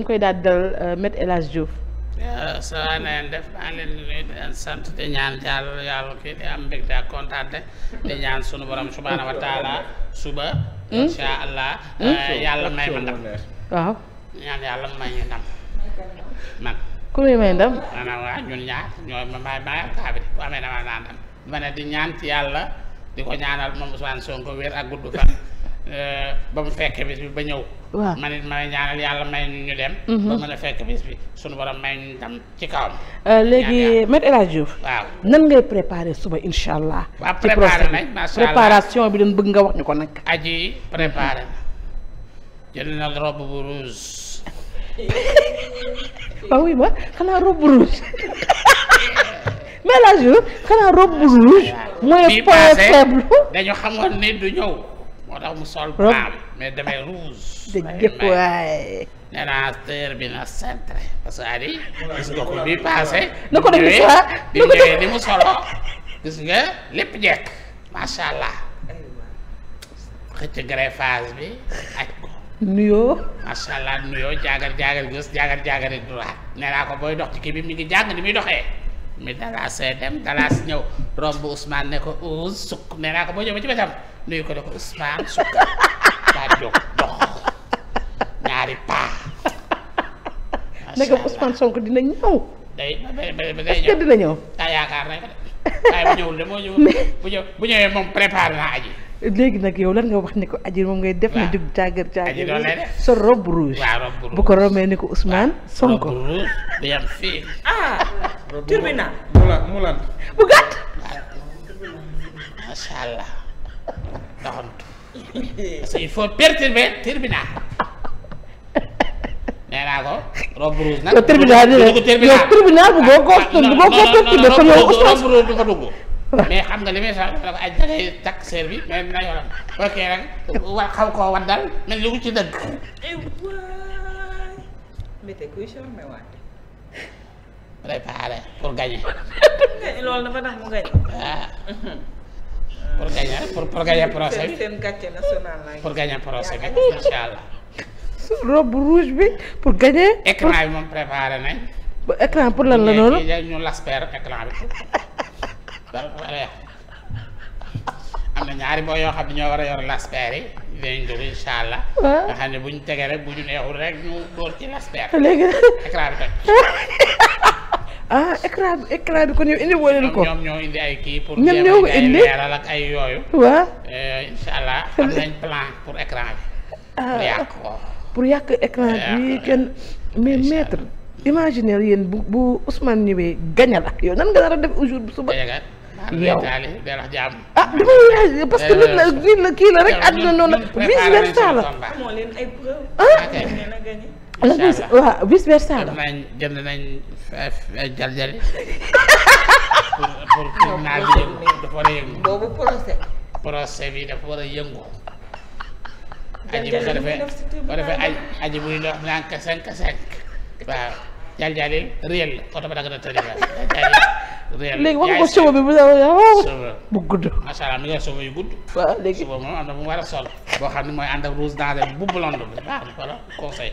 dañ koy daal dal euh, Maître El Hadji Diouf euh, def maa leen di nuyu di sant di ñaan yàlla yàlla kii di am mbégte ak kontaante di ñaan sunu borom subhaana wa suba hmm? insha allah hmm? euh, yàlla may ma ndam waaw ñaan yàlla may ñu ndam man ku muy may ndam maanaam naa ndam ma di ñaan yàlla di ko ñaanal moom Ousmane Sonko wér ak gudd fan ba mu fekke bi ba ñëw waaw ma ne ma ñaanal yàlla may ñu ñu dem. Mhm. Euh, ngay préparer suba incha allah. waaw nañ préparation bi dañ bëgg nga wax ñu ko nag. aji préparer na jënd na robe bu rouge. waaw wuy ma xanaa robe bu rouge. mais la point faible dañu xamoon ni du ñëw moo tax mu sol. robe mais damay ruus. dëgg waay nee naa heure bi na centre parce que gis nga ko bii passé. na ko def di ñëwee ni mu solo. gis nga lépp jekk macha allah. xëcc bi aj ko. nuyoo. macha allah nuyoo jaagar jaagar gis jaagar jaagar yi nee naa ko booy dox ci kii bi mi ngi jàng ni muy doxee. mi dalaas see dem dalaas ñëw romb Ousmane ne ko Ouz sukk. jóg dox ñaari paa. macha allah Ousmane Sonko dina ñëw. moo ñëw bu moom préparé naa aji. léegi nag yow lan nga wax ni ko aji moom ngay def na jug jàggar jàggar sa robe rouge bu ko romee ni ko Ousmane Sonko yam ah, bu gàtt parce que il faut perturber tribunal nee naa ko robe rouge nag. yow tribunal yow tribunal bu boo ah, ko bu boo ko perturber comme yow Ousmane robe rouge du fa dugg mais xam nga li muy sax dafa aj da ngay takk seer bi mais na yoram ok rek wa xaw koo waddal mel ni lu ci dëgg. préparé pour gagner. loolu dafa tax mu gagner. Ah. pour gagner pour pour gagner procès bi seen gàcce national la pour gagner procès bi incha allah. bu rouge bi pour gagner. écran bi moom préparé nañ. ba écran pour lan la noonu ñu laspeer écran bi. am na ñaari boo yoo xam ne ñoo war a yor laspeer yi dinañ nga xam ne bu ñu tegee rek bu ñu neexul rek ñu dóor ci laspeer. léegi ah écran bi écran bi kon yow indi wóoree ko ñoom ñoo indi ay kii pour. ñoom ñoo ay yooyu. waaw eh, incha allah pour écran bi. Ah. yàq ko pour bi kenn mais imaginaire yéen bu bu Ousmane ñëwee gaña la yow nan nga a def au jour bu suba. am ah, ah parce que euh, nit la nit la kii la rek àdduna noonu vice versa la ah la vice waaw vice versa la jënd nañ bi dafa war a yëngu boobu dafa war a yëngu aji bu ko defee ko defee aj aji buy dox naan ka cinq cinq réel léegi wax nga ko sobo bi bu bu gudd. macha allah mi ngi sobo war a sol. boo xam ne mooy ànd ak rouge danger bu blonde bi baax na wala conseil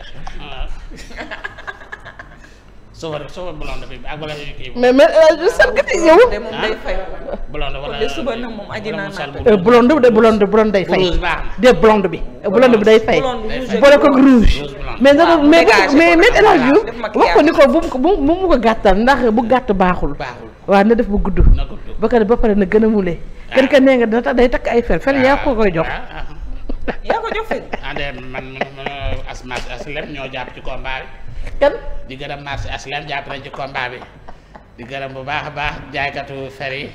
sobo sobo yow. blonde wala euh, de blonde blonde day fay. de blonde bi. blonde bi day fay. boole ko rouge. mais mais mais mais El wax ko ni ko bu mu ko gàttal ndax bu gàtt baaxul. waaw na def bu gudd ba pare ba pare na gën a mule gën ah. nee nga dina tax day takk ay fer fer yaa ko koy jox ah, ah, yaa ko jox fer ande man asmas ñoo jàpp ci combat bi di gërëm marché aslem jàpp nañ ci bu baax a baax jaaykatu fer yi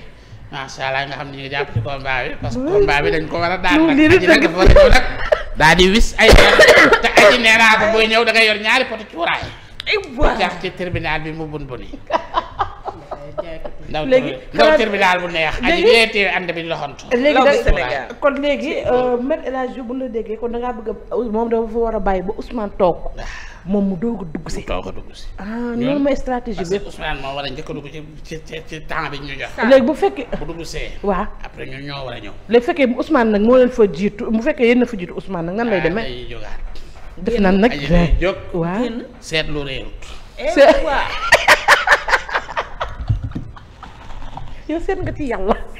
macha allah nga xam ni ñu jàpp ci combat bi parce que combat bi dañ ko war a daan nag aji nag dafa war a ñëw nag daa di wis ay te aji nee naa ko booy ñëw da ngay yor ñaari poto cuuraay jax ci tribunal bi mu léegi xanaa bu neex. léegi bi loxantu. léegi Sénégal kon léegi euh, Me El Hadji bu la déggee kon da ngaa bëgg a euh, moom dafa war a bàyyi ba Ousmane toog ah. moom mu doog dugg si. doog a si. ah loolu mooy a njëkk a dugg ci ci ci temps bi ñu léegi bu fekkee bu dugg see. waaw après a ñëw. léegi bu fekkee Ousmane nag moo leen fa jiitu bu fekkee yéen a fa jiitu Ousmane nag nan lay demee. Ah, ay jógaat. def na nag ay yow seet nga ci yàlla